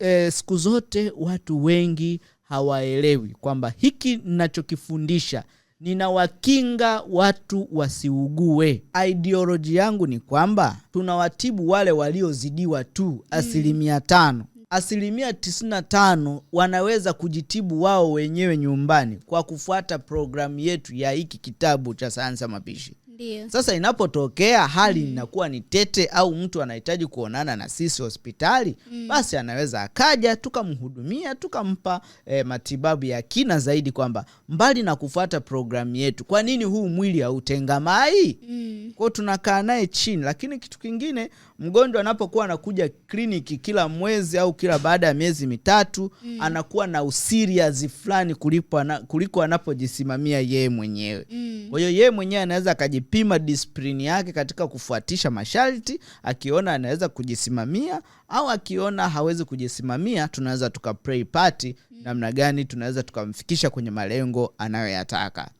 e, siku zote watu wengi hawaelewi kwamba hiki ninachokifundisha ninawakinga watu wasiugue. Ideoloji yangu ni kwamba tunawatibu wale waliozidiwa tu asilimia mm. tano asilimia tisini na tano wanaweza kujitibu wao wenyewe nyumbani kwa kufuata programu yetu ya hiki kitabu cha sayansi ya mapishi. Ndiyo. Sasa inapotokea hali mm. inakuwa ni tete au mtu anahitaji kuonana na sisi hospitali mm. basi anaweza akaja tukamhudumia tukampa e, matibabu ya kina zaidi kwamba mbali na kufuata programu yetu, kwa nini huu mwili hautengamai? mm. Kwao tunakaa naye chini, lakini kitu kingine mgonjwa anapokuwa anakuja kliniki kila mwezi au kila baada ya miezi mitatu mm. anakuwa na usiriazi fulani kuliko anapojisimamia yeye mwenyewe. Mm. Kwa hiyo yeye mwenyewe anaweza akaji akipima disiplini yake katika kufuatisha masharti, akiona anaweza kujisimamia au akiona hawezi kujisimamia, tunaweza tukapray play party namna gani tunaweza tukamfikisha kwenye malengo anayoyataka.